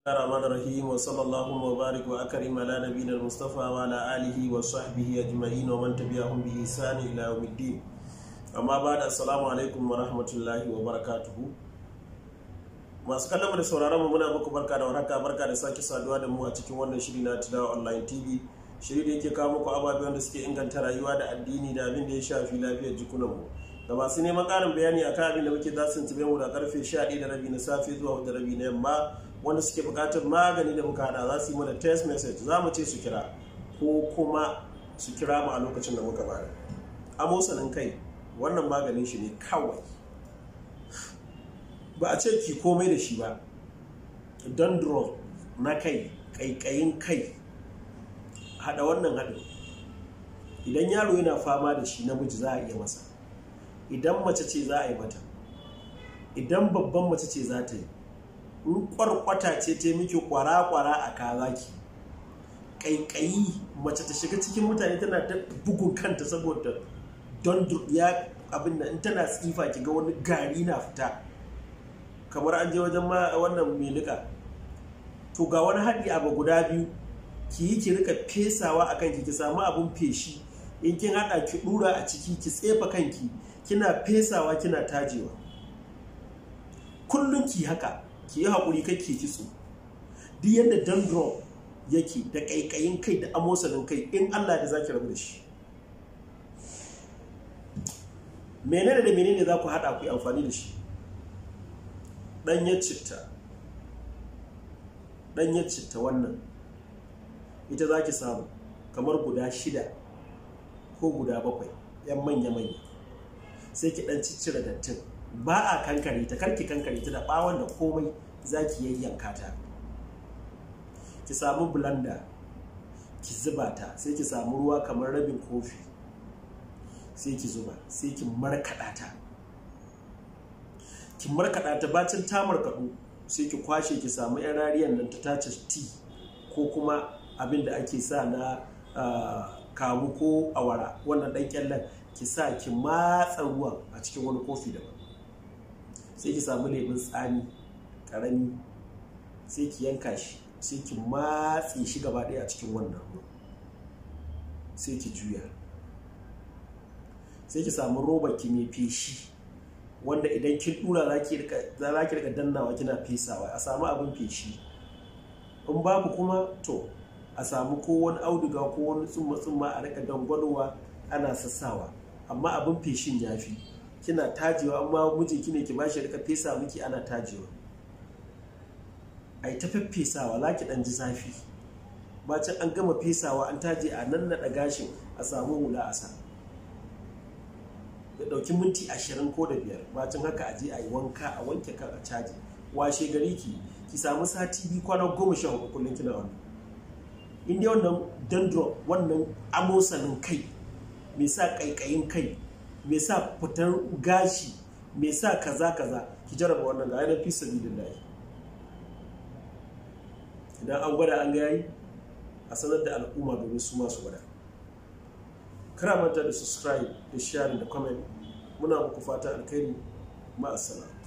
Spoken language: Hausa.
الرحمن الرحيم وصلى الله وبارك وأكرم على نبينا المصطفى وعلى آله وصحبه أجمعين ومن تبعهم بإحسان إلى يوم الدين amma ba da assalamu alaikum wa rahmatullahi wa barakatuhu masu kallon da sauraron mu muna muku barka da warhaka barka da sake saduwa da mu a cikin wannan shiri na tudawa online tv shiri da yake kawo muku ababen da suke inganta rayuwa da addini da abin da ya shafi lafiyar jikunan mu da masu neman karin bayani a abin da muke zasu tuntube mu da karfe 11 da rabi na safe zuwa da rabi na yamma wanda suke bukatar magani da muka hada za su yi mana test message za mu ce su kira ko kuma su kira mu a lokacin da muka bada amosanin kai wannan maganin shi ne kawai ba a ce ki komai da shi ba dandruff na kai kaikayin kai hada wannan haɗin idan yaro yana fama da shi namiji za a iya masa idan mace ce za a yi mata idan babban mace ce za ta yi in kwarkwata ce ta miki kwara-kwara a kazaki ƙaiƙayi mace ta shiga cikin mutane tana ta bugun kanta saboda don ya abin da in tana tsifa ki ga wani gari na fita kamar an je wajen ma wannan melika to ga wani haɗi abu guda biyu ki yi ki rika fesawa a kanki ki samu abin feshi in kin haɗa ki ɗura a ciki ki tsefa kanki kina fesawa kina tajewa kullum ki haka ki yi haƙuri kai ci su duk yadda dandro yake da ƙaiƙayin kai da amosanin kai in Allah da zaki rabu da shi menene da menene za ku haɗa ku yi amfani da shi ɗanyar citta ɗanyar citta wannan ita za ki samu kamar guda shida ko guda bakwai 'yan manya-manya sai ki dan ciccire dattin ba a kankare ta karki kankare ta da bawon da komai za ki yayyanka ta ki samu blender ki zuba ta sai ki samu ruwa kamar rabin kofi sai ki zuba sai ki markada ta ki markada ta bacin ta markadu sai ki kwashe ki samu yan rariyan nan ta tace tea ko kuma abin da ake sa na ah, kamu ko awara wannan ɗan kyallan ki sa ki matsa ruwan a cikin wani kofi daban sai ki samu lemun tsami karami sai ki yanka shi sai ki matse shi gaba ɗaya a cikin wannan ruwan sai ki juya sai ki samu roba ki mai feshi wanda idan kin dura za ki rika dannawa kina fesawa a samu abin feshi in babu kuma to a samu ko wani auduga ko wani tsumma-tsumma a rika dangwalowa ana sassawa amma abin feshin ya fi kina tajewa amma mijinki ne ki ba shi rika fesa miki ana tajewa ai ta feffesawa za ki dan ji zafi bacin an gama fesawa an taje a nan naɗa gashin a samu hula a sa ya ɗauki minti ashirin ko da biyar bacin haka a je a yi wanka a wanke kan a caji washe gari ki ki samu sati biyu kwana goma sha hudu kullum kina wannan in wannan dandro wannan amosanin kai mai sa ƙaiƙayin kai mai sa fitar gashi mai sa kaza kaza ki jarraba wannan ga yanar fi sabilillahi idan an gwada an gayi a sanar da al'umma domin su masu gwada kana manta da subscribe da share da comment muna muku fata alkhairi ma'asala